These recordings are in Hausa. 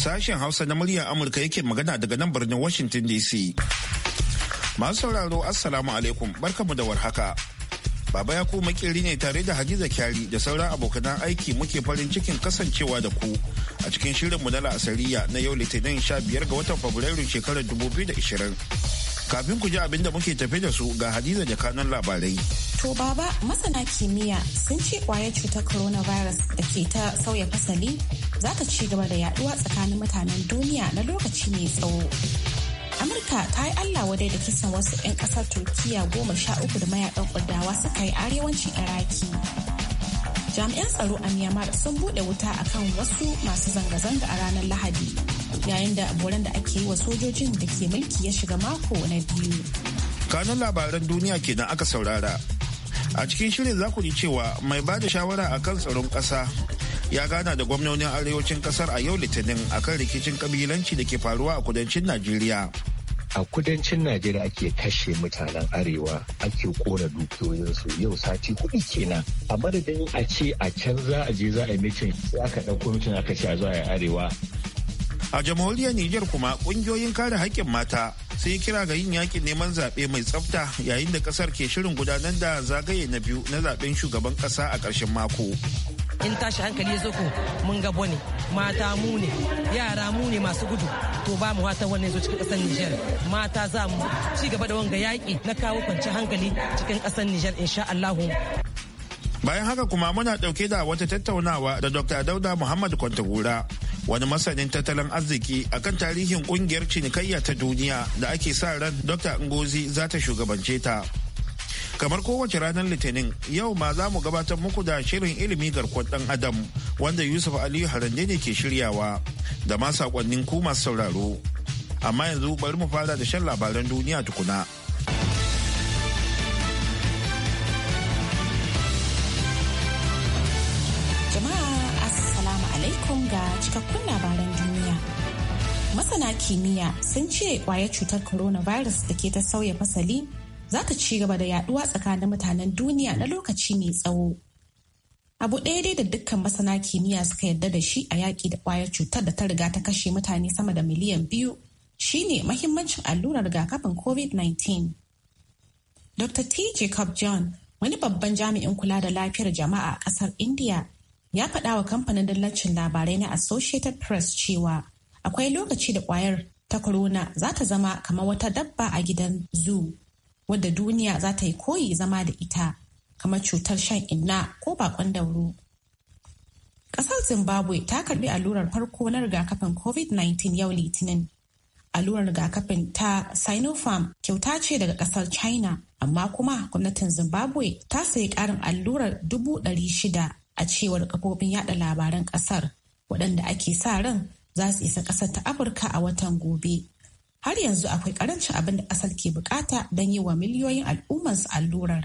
Sashen Hausa na muryar Amurka yake magana daga nan birnin Washington DC. Masu sauraro Assalamu alaikum barkamu da warhaka. Baba ya ku makeri ne tare da Hadiza Kyari da sauran abokanan aiki muke farin cikin kasancewa da ku a cikin shirinmu na la'asariya na yau litinin sha biyar ga watan Fabrairu shekarar biyu da 2020. Kafin ku ji abin da muke tafe da su ga Hadiza da kanun labarai. To baba masana kimiyya sun ce kwayar cutar coronavirus da ke ta sauya fasali za ta ci gaba da yaduwa tsakanin mutanen duniya na lokaci mai tsawo. Amurka ta yi Allah wadai da kisan wasu 'yan kasar Turkiya goma sha uku da mayakan kurdawa suka yi arewacin Iraki. Jami'an tsaro a Myanmar sun buɗe wuta akan wasu masu zanga-zanga a ranar Lahadi yayin da boran da ake yi wa sojojin da ke mulki ya shiga mako na biyu. Kanun labaran duniya kenan aka saurara. a cikin shirin za ku ji cewa mai ba da shawara kan tsaron ƙasa ya gana da gwamnonin arewacin kasar a yau litinin akan rikicin kabilanci da ke faruwa a kudancin najeriya a kudancin najeriya ake kashe mutanen arewa ake kora dukiyoyinsu yau sati kuɗi kenan a madadin a ce a can za a je za a yi mitin sai aka ɗauko mitin aka ce a zuwa arewa A jamhuriyar Nijar kuma kungiyoyin kare haƙƙin mata sun yi kira ga yin yakin neman zaɓe mai tsafta yayin da ƙasar ke shirin gudanar da zagaye na biyu na zaɓen shugaban ƙasa a ƙarshen mako. in tashi hankali ya zo ko mun gabo ne mata mu ne yara mu ne masu gudu to ba mu wata wannan zo cikin kasar Nijar mata za mu ci gaba da wanga yaƙi na kawo kwanci hankali cikin kasar Nijar insha Allah bayan haka kuma muna ɗauke da wata tattaunawa da Dr. Dauda Muhammad Kwantagura wani masanin tattalin arziki a kan tarihin kungiyar cinikayya ta duniya da ake sa ran dr ngozi za ta shugabance ta kamar kowace ranar litinin yau ma za mu gabatar muku da shirin ilimi garkuwar dan adam wanda yusuf aliyu harande ne ke shiryawa da ma sakonnin ku masu sauraro amma yanzu bari mu fara da shan labaran duniya tukuna jama'a assalamu alaikum ga cikakku masana kimiyya sun ce kwayar cutar coronavirus da ke ta sauya fasali za ta ci gaba da yaduwa tsakanin mutanen duniya na lokaci mai tsawo. Abu ɗaya dai da dukkan masana kimiyya suka yarda da shi a yaƙi da kwayar cutar da ta riga ta kashe mutane sama da miliyan biyu shine mahimmancin allurar rigakafin COVID-19. Dr. T. Jacob John, wani babban jami'in kula da lafiyar jama'a a ƙasar India, ya faɗa wa kamfanin dallacin labarai na Associated Press cewa akwai lokaci da kwayar ta corona za ta zama kamar wata dabba a gidan zoo wadda duniya za ta yi koyi zama da ita kamar cutar shan inna ko bakon dauro. Kasar Zimbabwe ta karbi allurar farko na rigakafin COVID-19 yau Litinin. Allurar rigakafin ta Sinopharm kyauta ce daga kasar China, amma kuma gwamnatin Zimbabwe ta sayi karin allurar dubu ɗari shida a cewar kafofin yada labaran kasar waɗanda ake sa ran za su isa ƙasar ta Afirka a watan gobe. Har yanzu akwai ƙarancin abin da ƙasar ke bukata don yi wa miliyoyin al'ummarsu allurar.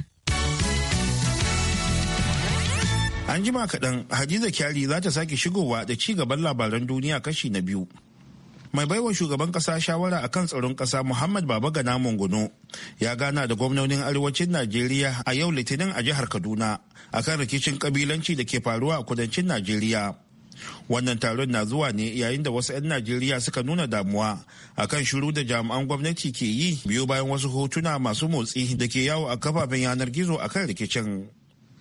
An jima kaɗan Hadiza Kyari za ta sake shigowa da ci gaban labaran duniya kashi na biyu. Mai baiwa shugaban ƙasa shawara a kan tsaron ƙasa Muhammad Baba Gana Mongono ya gana da gwamnonin arewacin Najeriya a yau Litinin a jihar Kaduna akan rikicin ƙabilanci da ke faruwa a kudancin Najeriya. wannan taron na zuwa ne yayin da wasu 'yan najeriya suka nuna damuwa akan shiru da jami'an gwamnati ke yi biyo bayan wasu hotuna masu motsi da ke yawo a kafafen yanar gizo akan rikicin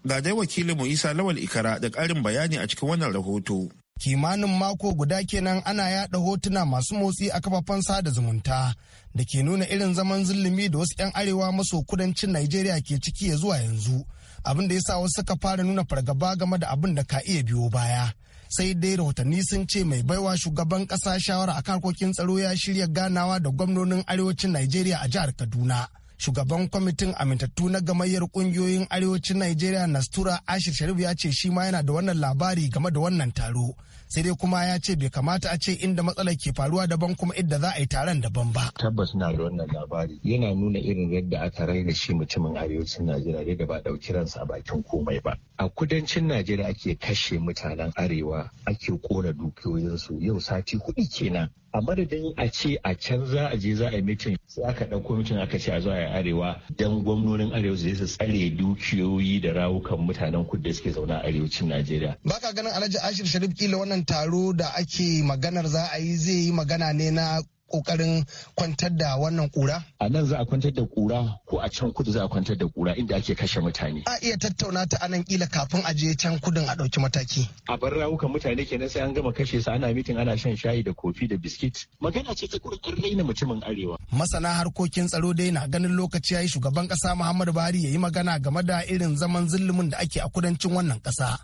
ga dai mu isa lawal ikara da ƙarin bayani a cikin wannan rahoto kimanin mako guda kenan ana yada hotuna masu motsi a kafafen sada zumunta da ke nuna irin zaman zulumi da wasu 'yan arewa maso kudancin Najeriya ke ciki ya zuwa yanzu abin da ya sa wasu suka fara nuna fargaba game da abin da ka iya biyo baya sai dai rahotanni sun ce mai baiwa shugaban ƙasa shawara a harkokin tsaro ya shirya ganawa da gwamnonin arewacin Najeriya a jihar Kaduna. Shugaban kwamitin amintattu na gamayyar kungiyoyin arewacin Najeriya Nastura Ashir Sharif ya ce shi ma yana da wannan labari game da wannan taro. sai dai kuma ya ce bai kamata a ce inda matsalar ke faruwa daban kuma inda za a yi taron daban ba. Tabbas na da wannan labari yana nuna irin yadda aka raina shi mutumin arewacin Najeriya da ba ɗauki ransa a bakin komai ba. A kudancin Najeriya ake kashe mutanen arewa ake kona dukiyoyinsu yau sati kuɗi kenan a madadin a ce a can za a je za a yi mitin sai aka ɗauko mitin aka ce a zo a yi arewa don gwamnonin arewa zai su tsare dukiyoyi da rawukan mutanen kudu suke zauna a arewacin najeriya Ba ka ganin alhaji ashir sharif kila wannan taro da ake maganar za a yi zai yi magana ne na kokarin kwantar da wannan kura? A nan za a kwantar da kura ko a can kudu za a kwantar da kura inda ake kashe mutane. A iya tattauna ta anan kila kafin a je can kudin a ɗauki mataki. A bar rawukan mutane kenan sai an gama kashe su ana mitin ana shan shayi da kofi da biskit. Magana ce ta kurkur raina mutumin arewa. Masana harkokin tsaro dai na ganin lokaci ya yi shugaban ƙasa Muhammadu Buhari ya yi magana game da irin zaman zulumin da ake a kudancin wannan ƙasa.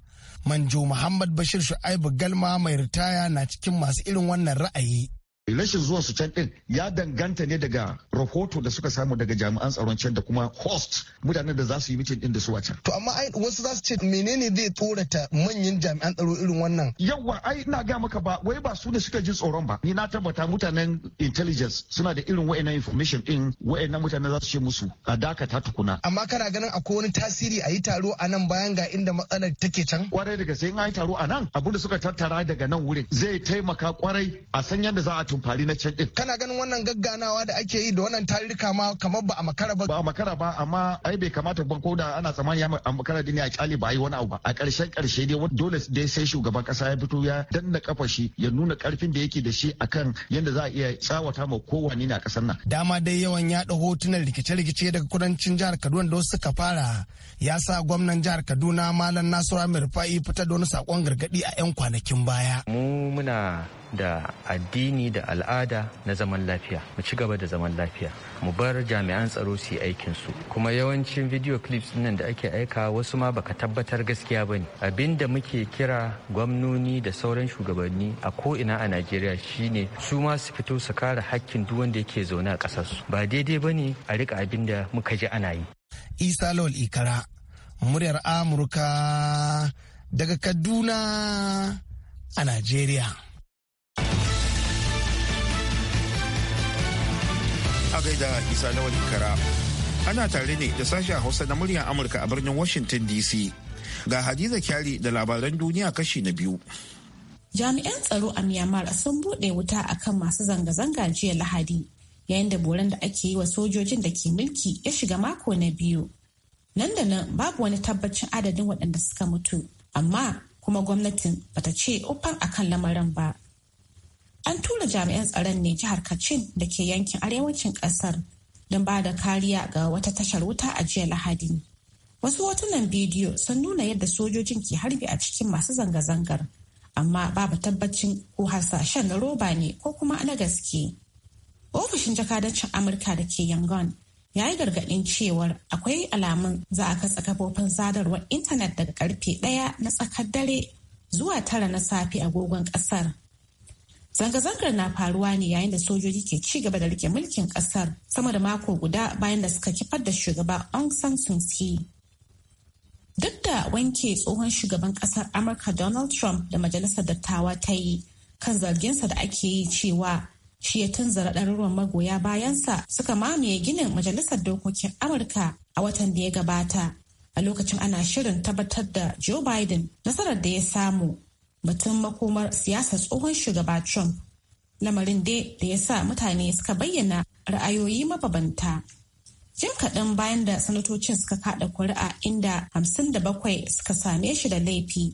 Manjo Muhammad Bashir Shu'aibu Galma mai ritaya na cikin masu irin wannan ra'ayi. rashin zuwa su can din ya danganta ne daga rahoto da suka samu daga jami'an tsaron can da kuma host mutanen da za su yi mitin din da su a can. To amma ai wasu za su ce menene zai tsorata manyan jami'an tsaro irin wannan? yawa ai ina ga maka ba wai ba su ne suka ji tsoron ba. Ni na tabbata mutanen intelligence suna da irin wayannan information din wayannan mutanen za su ce musu a dakata tukuna. Amma kana ganin akwai wani tasiri a yi taro a nan bayan ga inda matsalar take can? Kwarai daga sai in an yi taro a nan abin da suka tattara daga nan wurin zai taimaka kwarai a san yadda za a fari na can din kana ganin wannan gagganawa da ake yi da wannan tarurruka ma kamar ba a makara ba ba a makara ba amma ai bai kamata ba ko da ana tsammani a makara din ne a kyale ba a yi wani abu ba a ƙarshen ƙarshe dai dole dai sai shugaban ƙasa ya fito ya danna kafa shi ya nuna ƙarfin da yake da shi kan yadda za a iya tsawata ma kowanne na ƙasar nan dama dai yawan yaɗa hotunan rikice-rikice daga kudancin jihar Kaduna da wasu suka fara ya sa gwamnan jihar Kaduna Malam Nasiru Amir Fa'i fitar da wani sakon gargadi a 'yan kwanakin baya mu muna da addini da al'ada na zaman lafiya mu ci gaba da zaman lafiya mu bar jami'an tsaro su yi aikin su kuma yawancin video clips nan da ake aika wasu ma baka tabbatar gaskiya bane abinda muke kira gwamnoni da sauran shugabanni a ko ina a Najeriya shine su ma su fito su kare hakkin duk wanda yake zaune a ƙasar su ba daidai bane a rika abin da muka ji ana yi Isa lol Ikara muryar Amurka daga Kaduna a Najeriya gaida isa wani kara ana tare ne da sashen hausa na murya amurka a birnin washington dc ga hadiza kyari da labaran duniya kashi na biyu jami'an tsaro a myanmar sun buɗe wuta akan masu zanga-zanga jiya lahadi yayin da boran da ake yi wa sojojin da ke mulki ya shiga mako na biyu nan da nan babu wani tabbacin adadin waɗanda suka mutu amma kuma gwamnatin bata ce ufan akan lamarin ba an tura jami'an tsaron ne jihar kacin da ke yankin arewacin kasar don ba da kariya ga wata tashar wuta a jiya lahadi wasu hotunan bidiyo sun nuna yadda sojojin ke harbi a cikin masu zanga-zangar amma babu tabbacin ko hasashen na roba ne ko kuma na gaske ofishin jakadancin amurka da ke yangon ya yi gargaɗin cewar akwai alamun za a katsa kafofin sadarwar intanet daga karfe ɗaya na tsakar dare zuwa tara na safe agogon ƙasar Zanga-zangar na faruwa ne yayin da sojoji ke ci gaba da rike mulkin kasar sama da mako guda bayan da suka kifar da shugaba Aung San Suu Kyi. Duk da wanke tsohon shugaban kasar Amurka Donald Trump da majalisar dattawa ta yi kan zarginsa da ake yi cewa shi ya tunzara ɗaruruwan magoya bayansa suka mamaye ginin majalisar dokokin Amurka a watan da ya gabata a lokacin ana shirin tabbatar da Joe Biden nasarar da ya samu batun makomar siyasar tsohon shugaba Trump. Lamarin dai da ya sa mutane suka bayyana ra'ayoyi mababanta. jin kaɗan bayan da sanatocin suka kaɗa kuri'a inda hamsin da bakwai suka same shi da laifi.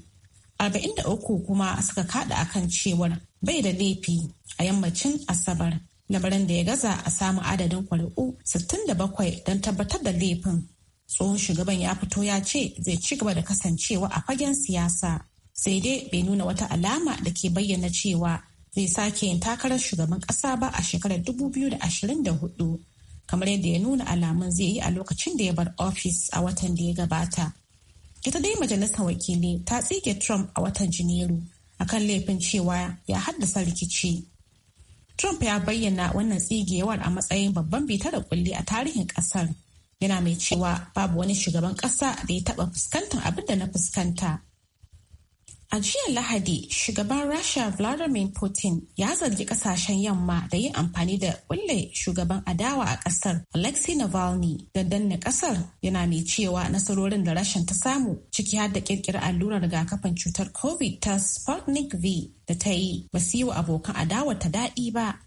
arba'in da uku kuma suka kaɗa akan cewar bai da laifi a yammacin Asabar. Lamarin da ya gaza a samun adadin kuri'u bakwai don tabbatar da laifin. Tsohon shugaban ya fito ya ce zai ci gaba da kasancewa a fagen siyasa. sai dai bai nuna wata alama da ke bayyana cewa zai sake yin takarar shugaban ƙasa ba a shekarar 2024 kamar yadda ya nuna alamun zai yi a lokacin da ya bar ofis a watan da ya gabata. Ita dai majalisar wakili ta tsige Trump a watan Janairu akan laifin cewa ya haddasa rikici. Trump ya bayyana wannan tsigewar a matsayin babban bita da kulli a tarihin kasar. Yana mai cewa babu wani shugaban kasa da ya taba fuskantar abin da na fuskanta A jiya Lahadi, shugaban Rasha Vladimir Putin ya zargi kasashen yamma da yin amfani da kulle shugaban adawa a kasar Alexei Navalny da danne kasar yana mai cewa nasarorin da rashin ta samu ciki har da kirkirar allurar rigakafin cutar COVID ta Sputnik V da ta yi ba abokan adawa ta daɗi ba.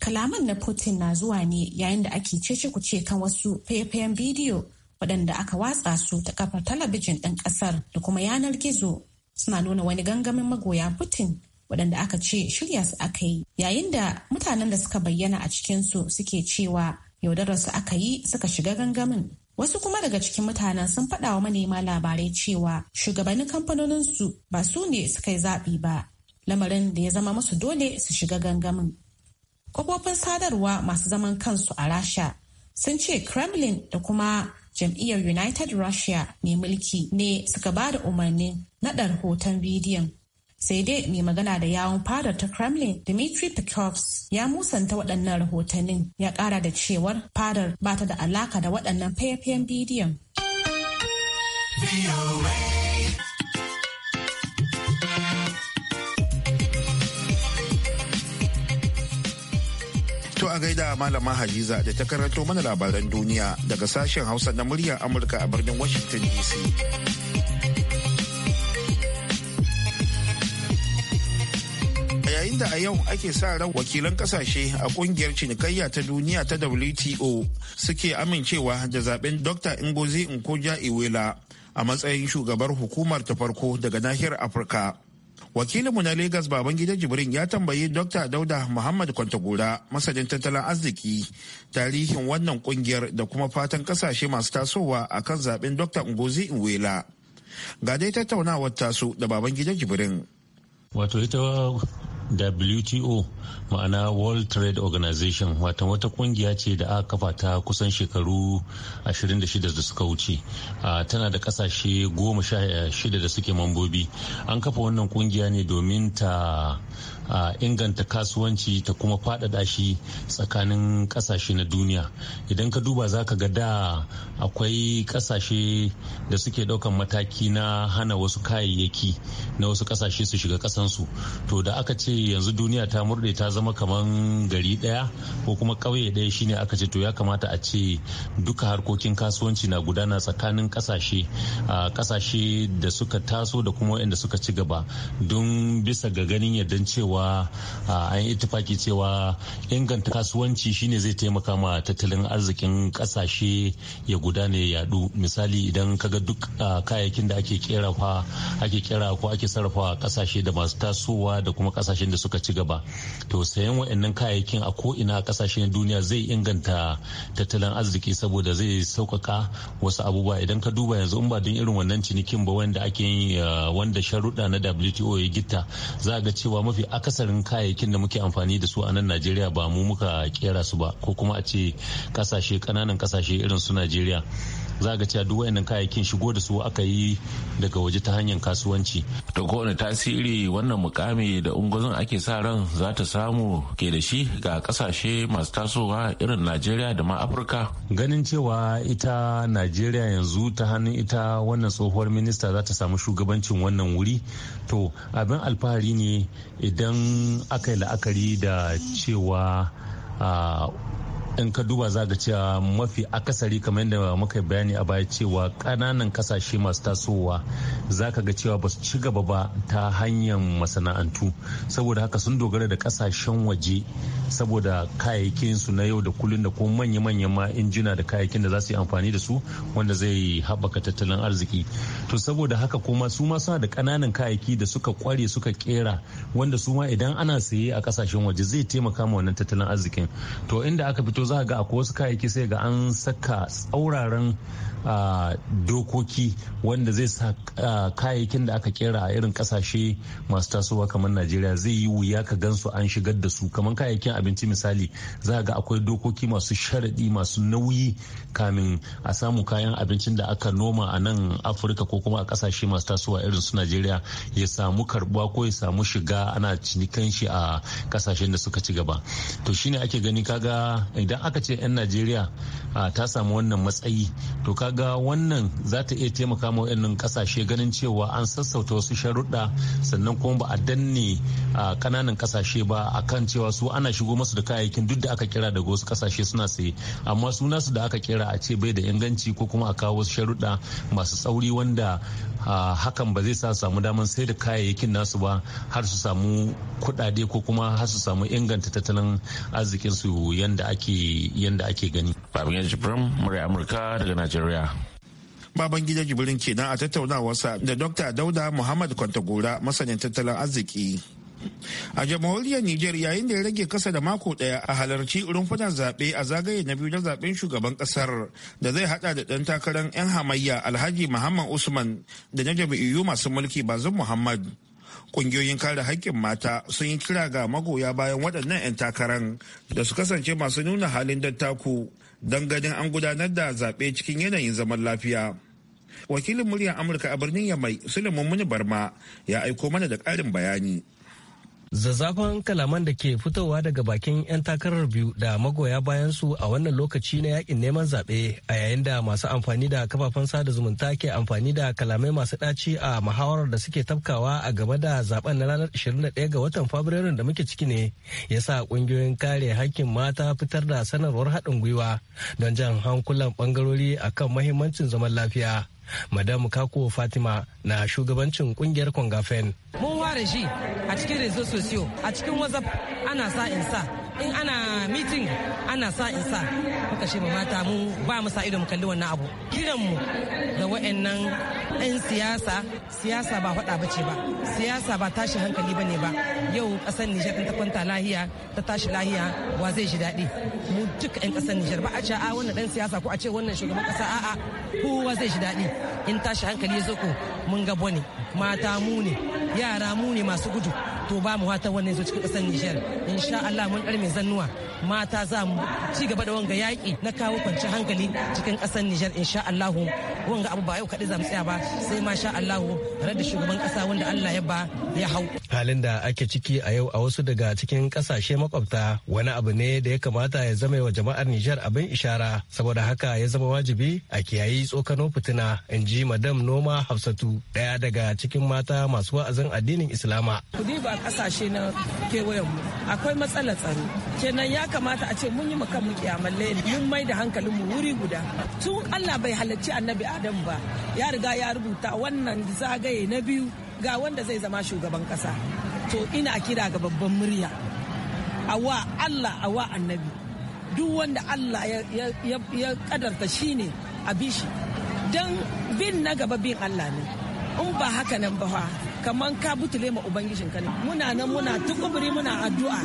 Kalaman na Putin na zuwa ne yayin da ake cece kuce kan wasu faifayen bidiyo waɗanda aka watsa su ta kafar talabijin ɗin ƙasar da kuma yanar gizo suna nuna wani gangamin magoya Putin waɗanda aka ce shirya su aka yi yayin da mutanen da suka bayyana a cikinsu suke cewa yaudarar su aka yi suka shiga gangamin Wasu kuma daga cikin mutanen sun faɗa wa manema labarai cewa shugabannin kamfanoninsu ba su ne suka yi zaɓi ba, lamarin da ya zama musu dole su shiga gangamin. kafofin sadarwa masu zaman kansu a Rasha sun ce Kremlin da kuma jam'iyyar united russia mai mulki ne suka ba da umarnin naɗa hoton bidiyon sai dai mai magana da yawon fadar ta kremlin dmitry peskov ya musanta waɗannan rahotannin ya ƙara da cewar fadar ba ta da alaka da waɗannan faifayen bidiyon. To a gaida Malama Hadiza da ta karanto mana labaran duniya daga sashen Hausa na muryar Amurka a birnin Washington DC. yayin da a yau ake sa ran wakilan kasashe a kungiyar cinikayya ta duniya ta WTO suke amincewa da zaben Dr. Ngozi Nkoja Iwela a matsayin shugabar hukumar ta farko daga nahiyar Afirka. wakilinmu na lagos baban gidan jibrin ya tambayi dr dauda muhammad kwantagora masanin tattalin arziki tarihin wannan kungiyar da kuma fatan kasashe masu tasowa a kan zaben dr ngozi Nwela ga dai tattaunawar tasu da baban gidan jibrin wato ita WTO ma'ana World Trade Organization watan wata kungiya ce da aka kafa ta kusan shekaru 26 da suka wuce tana da kasashe 16 da suke mambobi an kafa wannan kungiya ne domin ta inganta kasuwanci ta kuma fadada shi tsakanin kasashe na duniya idan ka duba za ka ga da akwai kasashe da suke daukan mataki na hana wasu kayayyaki na wasu kasashe su shiga kasansu to da aka ce yanzu duniya ta murde ta zama kaman gari daya ko kuma ƙauye daya shine aka ce to ya kamata a ce duka harkokin kasuwanci na gudana tsakanin kasashe a kasashe da suka taso da kuma wayanda suka ci gaba don bisa ga ganin yadda cewa an yi itifaki cewa inganta kasuwanci shine zai taimaka ma tattalin arzikin kasashe ya guda ne yadu misali idan kaga duk kayayyakin da ake kera ake kera ko ake sarrafa kasashe da masu tasowa da kuma kasashen da suka ci gaba to sayan wa'annan kayayyakin a ko ina kasashen duniya zai inganta tattalin arziki saboda zai sauƙaƙa wasu abubuwa idan ka duba yanzu in ba don irin wannan cinikin ba wanda ake yin wanda sharuɗa na WTO ya gitta za ga cewa mafi akasarin kayayyakin da muke amfani da su a nan Najeriya ba mu muka kera su ba ko kuma a ce kasashe ƙananan kasashe irin su Najeriya najeriya za ga cewa duk wayannan kayayyakin shigo da su aka yi daga waje ta hanyar kasuwanci. To kowane tasiri wannan mukami da ungozin ake sa ran za ta samu ke da shi ga kasashe masu tasowa irin Najeriya da ma Afirka. Ganin cewa ita Najeriya yanzu ta hannun ita wannan tsohuwar minista za ta samu shugabancin wannan wuri. To abin alfahari ne idan aka yi la'akari da cewa ah, in ka duba za ga cewa mafi akasari kamar yadda muka bayani a baya cewa kananan kasashe masu tasowa za ka ga cewa ba su ci gaba ba ta hanyar masana'antu saboda haka sun dogara da kasashen waje saboda kayayyakin su na yau da kullun da kuma manya-manyan ma injina da kayayyakin da za su yi amfani da su wanda zai haɓaka tattalin arziki to saboda haka kuma su ma suna da kananan kayayyaki da suka kware suka kera wanda su ma idan ana saye a kasashen waje zai taimaka ma wannan tattalin arzikin to inda aka fito za ga akwai wasu kayayyaki sai ga an saka tsauraran dokoki wanda zai sa kayayyakin da aka kera a irin kasashe masu tasowa kamar najeriya zai yi wuya ka gansu an shigar da su kamar kayayyakin abinci misali za ga akwai dokoki masu sharaɗi masu nauyi kamin a samu kayan abincin da aka noma a nan afirka ko kuma a kasashe masu tasowa irin su najeriya ya samu karbuwa ko ya samu shiga ana cinikan shi a kasashen da suka ci gaba to shine ake gani kaga idan aka ce 'yan najeriya ta samu wannan matsayi to kaga ga wannan za ta iya taimaka ma wa'annan kasashe ganin cewa an sassauta wasu sharuɗa sannan kuma ba a danne kananan kasashe ba akan cewa su ana shigo masu da kayayyakin duk da aka kira daga wasu kasashe suna saye amma su nasu da aka kira a ce bai da inganci ko kuma a kawo wasu sharuɗa masu tsauri wanda hakan ba zai sa samu daman sai da kayayyakin nasu ba har su samu kuɗaɗe ko kuma har su samu inganta tattalin arzikin su ake gani babin yaji murya amurka daga najeriya baban gida jibirin kenan a tattaunawarsa da dr dauda muhammad kwantagora masanin tattalin arziki a jamhuriyar nijar yayin da ya rage kasa da mako daya a halarci rumfunan zaɓe a zagaye na biyu na zaɓen shugaban ƙasar da zai hada da ɗan takarar 'yan hamayya alhaji muhammad usman da na jam'iyyu masu mulki bazin muhammad ƙungiyoyin kare haƙƙin mata sun yi kira ga magoya bayan waɗannan 'yan takarar da su kasance masu nuna halin dattaku don ganin an gudanar da zaɓe cikin yanayin zaman lafiya. Wakilin muryar Amurka a birnin Yamai, Suleiman Muni Barma, ya aiko mana da ƙarin bayani. Zazzafan kalaman da ke fitowa daga bakin 'yan takarar biyu da magoya bayan su a wannan lokaci na yakin neman zaɓe a yayin da masu amfani da kafafen sada zumunta ke amfani da kalamai masu ɗaci a muhawarar da suke tafkawa a game da zaben na ranar 21 ga watan Fabrairun da muke ciki ne ya sa ƙungiyoyin kare hakkin mata fitar da sanarwar haɗin gwiwa don jan hankulan ɓangarori akan mahimmancin zaman lafiya. Madam Kako Fatima na shugabancin ƙungiyar Kongafen. Mu share shi a cikin rezo sosiyo a cikin whatsapp ana sa in sa in ana mitin ana sa in sa muka shi mata mu ba mu sa ido mu kalli wannan abu kiran mu da wayannan yan siyasa siyasa ba faɗa bace ba siyasa ba tashi hankali ne ba yau ƙasar Nijar ta kwanta lahiya ta tashi lahiya wa zai ji daɗi mu duka yan ƙasar Nijar ba a ce a wannan ɗan siyasa ko a ce wannan shugaban ƙasa a'a kowa zai ji daɗi in tashi hankali ya zo ko mun ga bone mata mu ne yara mu ne masu gudu to ba mu wani wannan zo cikin kasar Nijar insha Allah mun dar zannuwa mata za mu ci gaba da wanga yaƙi na kawo kwanci hankali cikin kasar Nijar insha Allah wanga abu ba yau kaɗi za mu tsaya ba sai ma sha Allah rar da shugaban kasa wanda Allah ya ba ya hau halin da ake ciki a yau a wasu daga cikin kasashe makwabta wani abu ne da ya kamata ya zama wa jama'ar Nijar abin ishara saboda haka ya zama wajibi a kiyayi tsokano fitina in ji madam noma Hafsatu daya daga cikin mata masu wa'azin addinin Islama. Ku ba Ƙasashe kasashe na kewayen mu akwai matsalar tsaro kenan ya kamata a ce mun yi makan kiyamalle mun mai da hankalin mu wuri guda tun Allah bai halarci annabi Adam ba ya riga ya rubuta wannan zagaye na biyu ga wanda zai zama shugaban kasa to ina kira ga babban murya awa Allah awa annabi duk wanda Allah ya kadarta shi ne a bishi don bin na gaba bin Allah ne in ba haka nan ba kamar ka butule ma ubangijin ka ne muna nan muna tukuburi muna addu'a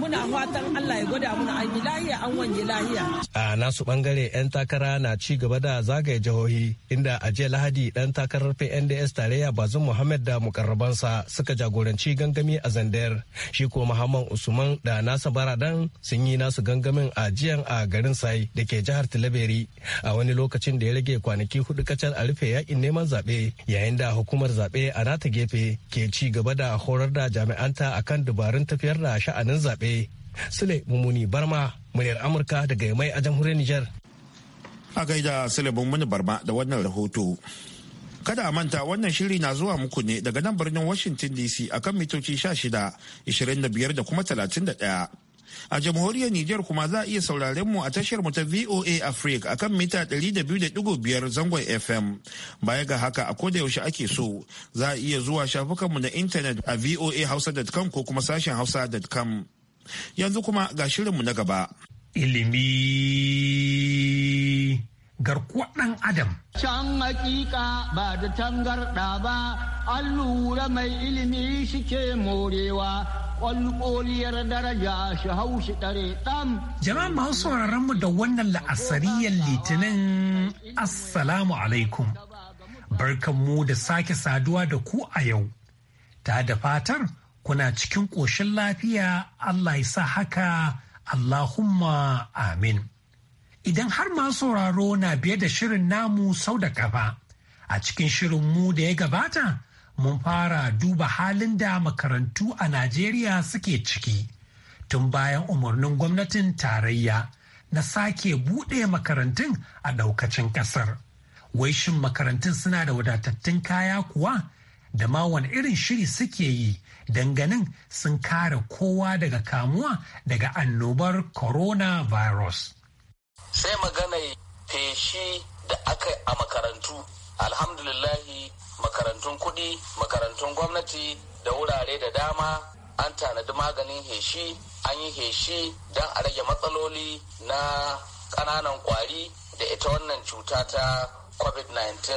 muna fatan Allah ya gwada muna an yi lahiya an wanye lahiya a nasu bangare yan takara na ci gaba da zagaye jihohi inda a jiya Lahadi dan takarar PNDS tarayya Bazum Muhammad da mukarrabansa suka jagoranci gangami a zander shi ko Muhammad Usman da nasa baradan sun yi nasu gangamin a jiyan a garin Sai da ke jihar Tilaberi a wani lokacin da ya rage kwanaki hudu kacal a rufe yakin neman zaɓe yayin da hukumar zaɓe a nata gefe ke ci gaba da horar da jami'anta akan dabarun tafiyar da sha'anin zaɓe. Sule Mumuni Barma, muryar Amurka daga mai a jamhuriyar Nijar. A gaida Sule Mumuni Barma da wannan rahoto. Kada a manta wannan shiri na zuwa muku ne daga nan birnin Washington DC akan mitoci 16, 25 da kuma da 31. A jamhuriyar Nijar kuma za a iya sauraren mu a tashar mu ta VOA Africa akan mita 200.5 zangon FM. Baya ga haka a koda yaushe ake so za a iya zuwa shafukanmu na intanet a voahausa.com ko kuma sashen hausa.com. Yanzu kuma ga shirin mu na gaba. Ilimi garkuwa ɗan Adam. Can hakika ba da tangarɗa ba, an lura mai ilimi shike morewa ƙwalƙoliyar daraja shi hau ɗare ɗan. Jama'a masu sauraron mu da wannan la'asariyar litinin Assalamu alaikum. Barkan mu da sake saduwa da ku a yau. Ta da fatar kuna cikin ƙoshin lafiya Allah ya sa haka Allahumma amin. Idan har masu sauraro na biye da shirin namu sau da kafa a cikin shirin mu da ya gabata mun fara duba halin da makarantu a Najeriya suke ciki tun bayan umarnin gwamnatin tarayya na sake buɗe makarantun a ɗaukacin ƙasar. Wai shin makarantun suna da wadatattun kaya kuwa da ma wani irin shiri suke yi danganin sun kare kowa daga kamuwa daga annobar coronavirus. Sai magana feshi da aka a makarantu alhamdulillahi makarantun kuɗi makarantun gwamnati da wurare da dama an tanadi maganin heshi an yi heshi don a rage matsaloli na ƙananan kwari da ita wannan cuta ta covid-19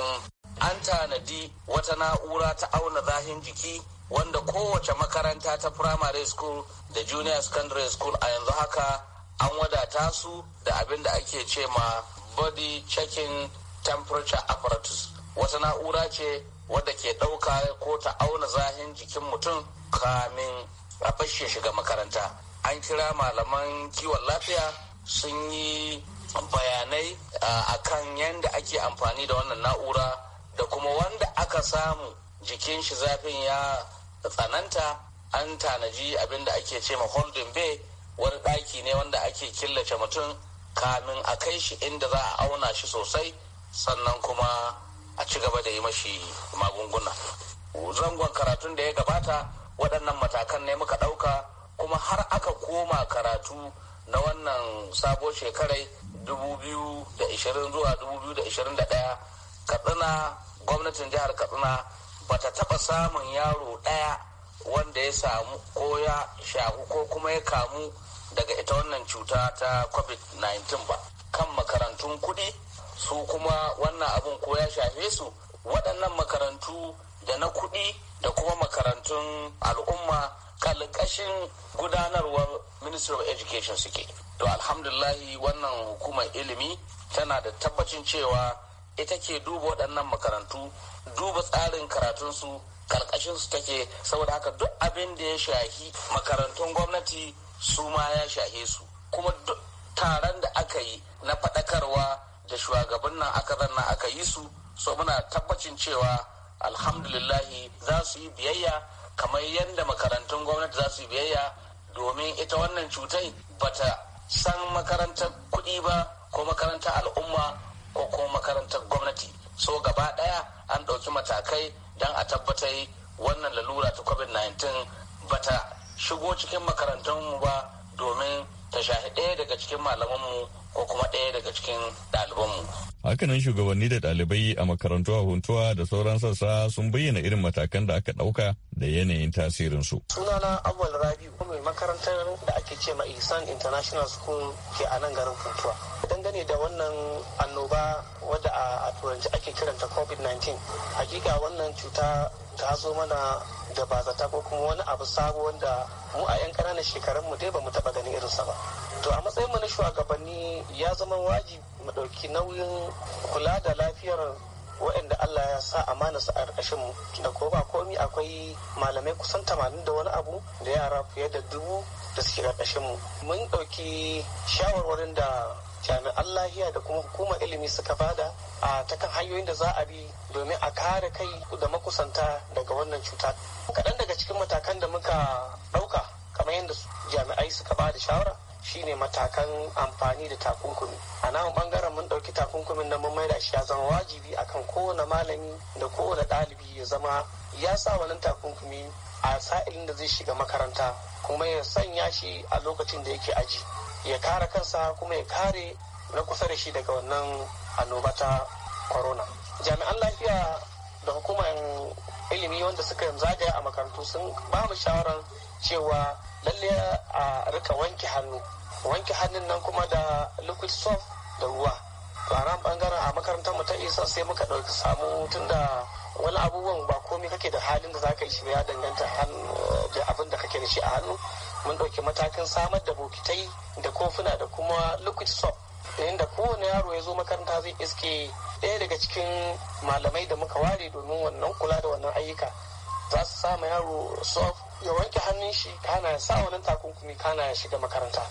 an tanadi wata na'ura ta auna zahin jiki wanda kowace makaranta ta primary school da junior secondary school a yanzu haka an wadata su da abin da ake ce ma body checking temperature apparatus wata na'ura ce wadda ke ɗauka ko ta auna zahin jikin mutum kamin a fashe shiga makaranta an kira malaman kiwon lafiya sun yi bayanai a kan yadda ake amfani da wannan na'ura da kuma wanda aka samu jikin shi zafin ya tsananta an tanaji abin da ake ce ma holding bay wani ɗaki ne wanda ake killace mutum kamin a kai shi inda za a auna shi sosai sannan kuma a ci gaba da yi mashi magunguna zangon karatun da ya gabata waɗannan matakan ne muka ɗauka kuma har aka koma karatu na wannan sabo shekarai 2020 zuwa 2021 katsina gwamnatin jihar katsina ta taɓa samun yaro ɗaya wanda ya samu ko ya shahu ko kuma ya kamu daga ita wannan cuta ta covid-19 ba kan makarantun kuɗi su kuma wannan abin ko ya shafe su waɗannan makarantu da na kuɗi da kuma makarantun al'umma kalkashin gudanarwar ministry of education suke to alhamdulahi wannan hukumar ilimi tana da tabbacin cewa ita ke duba waɗannan makarantu duba tsarin karatunsu karkashin su take saboda haka duk abin da ya shahi makarantun gwamnati su ma ya shahe su kuma duk taron da aka yi na faɗakarwa da shugaban nan aka zanna aka yi su so muna tabbacin cewa alhamdulillahi za su yi biyayya kamar yadda makarantun gwamnati za su yi biyayya domin ita wannan cutai bata san makarantar kuɗi ba ko makarantar al'umma ko kuma makarantar gwamnati so gaba ɗaya an ɗauki matakai don a tabbatar wannan lalura ta covid-19 bata shigo cikin makarantunmu ba domin ta shahi ɗaya daga cikin malamanmu ko kuma ɗaya daga cikin ɗalibanmu. Hakanan shugabanni da ɗalibai a makarantu a huntuwa da sauran sassa sun bayyana irin matakan da aka ɗauka da yanayin tasirinsu. Sunana Awal Rabi mai makarantar da ake ce ma isan International School ke a nan garin Huntuwa. Dangane da wannan annoba wadda a turanci ake kiranta covid-19 hakika wannan cuta ta zo mana da bazata ko kuma wani abu sabo wanda mu a 'yan ƙananan shekarun mu dai ba mu taɓa ganin irinsa ba to a matsayin mu na shugabanni ya zama wajibi mu ɗauki nauyin kula da lafiyar waɗanda Allah ya sa amana su a ƙarƙashin mu da ko ba komi akwai malamai kusan tamanin da wani abu da yara fiye da dubu da suke ƙarƙashin mu mun ɗauki shawarwarin da jami'an lahiya da kuma hukumar ilimi suka bada a ta kan hanyoyin da za a bi domin a kare kai da makusanta daga wannan cuta kaɗan daga cikin matakan da muka ɗauka kamar yadda jami'ai suka bada shawara shine matakan amfani da takunkumi a nan bangaren mun ɗauki takunkumin nan mun maida shi ya zama wajibi akan kowane malami da kowane ɗalibi ya zama ya sa wannan takunkumi a sa'ilin da zai shiga makaranta kuma ya sanya shi a lokacin da yake aji ya kare kansa kuma ya kare na kusa da shi daga wannan annoba ta corona jami'an lafiya da hukumar ilimi wanda suka zagaya a makarantu sun ba mu shawarar cewa lalle a rika wanke hannu wanke hannun nan kuma da liquid soap da ruwa a ran bangaren a makarantar mu ta isa sai muka ɗauki samu tunda. da wani abubuwan ba komai kake da halin da zaka yi shi ya danganta eh, da abin da kake da shi a hannu mun ɗauki matakin samar da bokitai da kofuna da kuma liquid soap inda kowane yaro ya zo makaranta zai iske ɗaya daga cikin malamai da muka ware domin wannan kula da wannan ayyuka za su sama yaro soap ya wanke hannun shi kana ya sa wani takunkumi kana ya shiga makaranta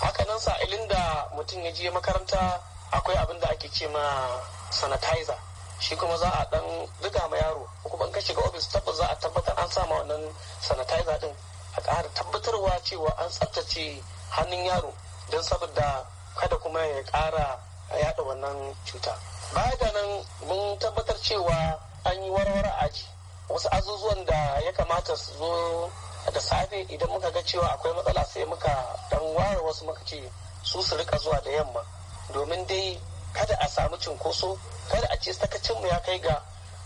Haka hakanan ilin da mutum ya je makaranta akwai abin da ake ce ma sanitizer shi kuma za a dan diga ma yaro kuma an shi ga ofis tabbas za a tabbatar an sa ma wannan sanitizer din a ƙara tabbatarwa cewa an tsaftace hannun yaro don saboda kada kuma ya ƙara yada wannan cuta baya da nan mun tabbatar cewa an yi warware aji wasu azuzuwan da ya kamata su zo da safe idan muka ga cewa akwai matsala sai muka dan ware wasu muka ce su su rika zuwa da yamma domin dai kada a samu cunkoso, kada a ce mu ya kai ga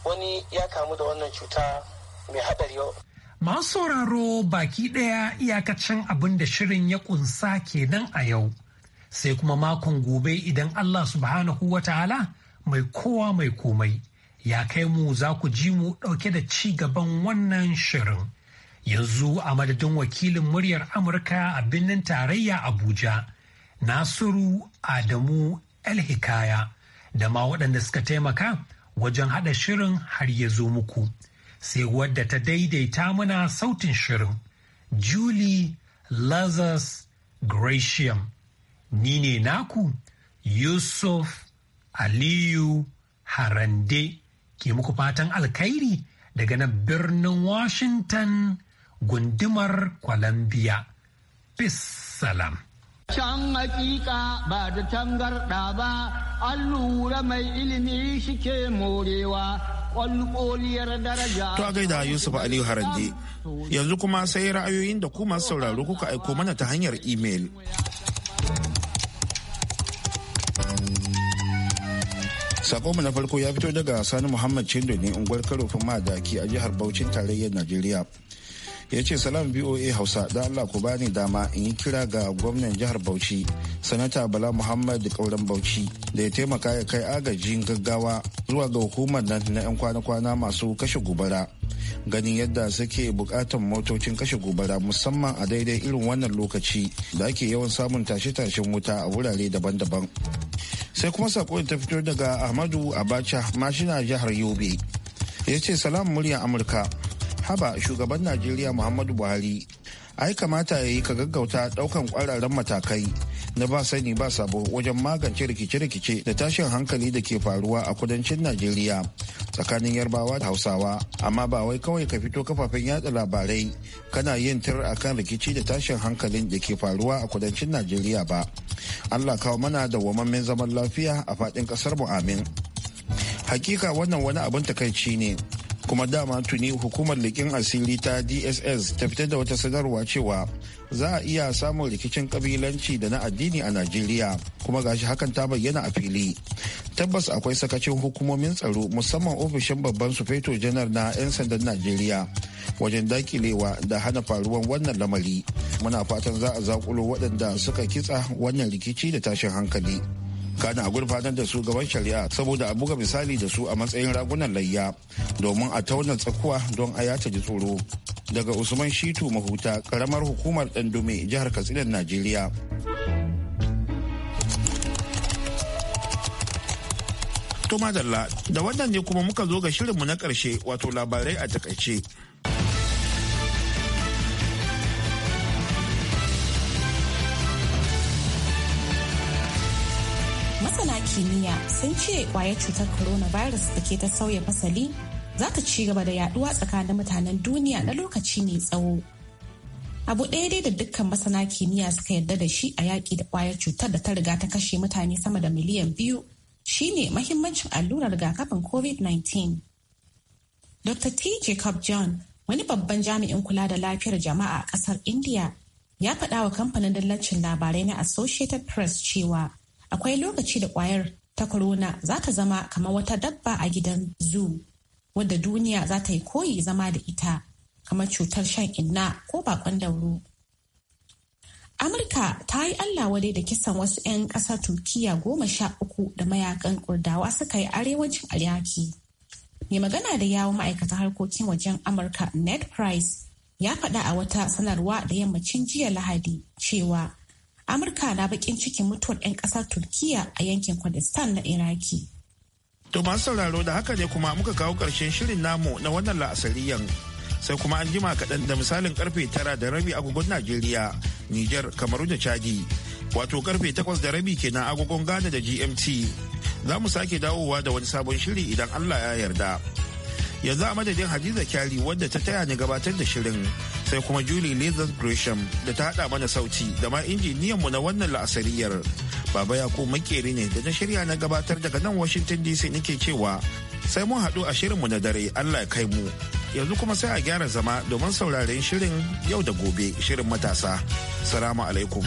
wani ya kamu da wannan cuta mai haɗari yau. Masu sauraro baki ɗaya iyakacin abin da shirin ya ƙunsa kenan a yau. Sai kuma makon gobe idan Allah subhanahu wa ta'ala mai kowa mai komai ya kai mu za ku ji mu ɗauke da ci gaban wannan shirin. Yanzu a madadin wakilin muryar Amurka a birnin tarayya Abuja, Nasiru Adamu alhikaya da ma waɗanda suka taimaka wajen haɗa shirin har ya zo muku sai wadda ta daidaita muna sautin shirin julie lazarus gratium ni ne naku yusuf aliyu harande ke muku fatan alkhairi daga nan birnin washington gundumar columbia Peace, salam Can hakika ba da tangarɗa ba, an lura mai ilimi shike morewa. daraja. To a gaida Yusuf Aliyu Harande, yanzu kuma sai ra'ayoyin da kuma sauraro kuka aiko mana ta hanyar imel. sako na farko ya fito daga sani muhammad chindo ne unguwar karofin madaki a jihar bauchin tarayyar najeriya ya ce salam voa hausa da allah ku bani dama in yi kira ga gwamnan jihar bauchi sanata bala muhammad kauran bauchi da ya taimaka ya kai agajin gaggawa zuwa ga hukumar nan na 'yan kwana-kwana masu kashe gobara ganin yadda suke bukatan motocin kashe gobara musamman a daidai irin wannan lokaci da ake yawan samun tashe-tashen wuta a wurare daban-daban sai kuma sako ta fito daga ahmadu abacha mashina jihar yobe ya ce salam murya amurka haba shugaban najeriya muhammadu buhari ai kamata ya yi ka gaggauta daukan kwararren matakai na ba sani ba sabo wajen magance rikice-rikice da tashin hankali da ke faruwa a kudancin najeriya tsakanin yarbawa da hausawa amma ba wai kawai ka fito kafafen yada labarai kana yin a kan rikici da tashin hankalin da ke faruwa a kudancin najeriya ba allah kawo mana da wamammen zaman lafiya a faɗin ƙasar mu amin hakika wannan wani abin takaici ne kuma dama tuni hukumar likin asiri ta dss ta fitar da wata sanarwa cewa za a iya samun rikicin kabilanci da na addini a najeriya kuma gashi hakan ta bayyana a fili tabbas akwai sakacin hukumomin tsaro musamman ofishin babban sufeto janar na 'yan sandan najeriya wajen dakilewa da hana faruwan wannan lamari muna fatan za a zakulo waɗanda suka kitsa wannan rikici da tashin hankali. kana a gurfanar da su gaban shari'a saboda a buga misali da su a matsayin ragunan layya domin a tauna tsakuwa don a yata ji tsoro daga usman shitu mahuta karamar hukumar dandume jihar katsinan najeriya to madalla da wannan ne kuma muka zo ga shirinmu na karshe wato labarai a takaice kimiyya sun ce kwayar cutar coronavirus da ke ta sauya fasali za ta ci gaba da yaduwa tsakanin mutanen duniya na lokaci mai tsawo. Abu ɗaya dai da dukkan masana kimiyya suka yarda da shi a yaƙi da kwayar cutar da ta riga ta kashe mutane sama da miliyan biyu shine mahimmancin allurar rigakafin COVID-19. Dr. T. Jacob John, wani babban jami'in kula da lafiyar jama'a a ƙasar India, ya faɗa wa kamfanin dallacin labarai na Associated Press cewa akwai lokaci da kwayar ta corona za ta zama kamar wata dabba a gidan zoo wadda duniya za ta yi koyi zama da ita kamar cutar shan inna ko bakon dauro. Amurka ta yi Allah wadai da kisan wasu 'yan ƙasar Turkiya goma sha uku da mayakan Kurdawa suka yi arewacin alyaki Mai magana da yawon ma'aikatan harkokin wajen Amurka Ned Price ya faɗa a wata sanarwa da yammacin jiya Lahadi cewa amurka na bakin cikin mutuwar 'yan kasar turkiya a yankin kurdistan na iraki to masu sauraro da haka ne kuma muka kawo karshen shirin namu na wannan la'asariyan sai kuma an jima kaɗan da misalin karfe tara da rabi agogon najeriya niger kamaru da chadi wato karfe takwas da rabi kenan agogon ghana da gmt za mu sake dawowa da wani sabon shiri idan allah ya yarda yanzu a madadin hadiza kyari wadda ta taya ni gabatar da shirin sai kuma julie lizard gresham da ta hada mana sauti da ma injiniyanmu na wannan la'asariyar baba yako makeri ne da na shirya na gabatar daga nan washington dc nake cewa sai mun haɗu a shirinmu na dare allah ya kai mu yanzu kuma sai a gyara zama domin sauraren shirin yau da gobe shirin matasa salamu alaikum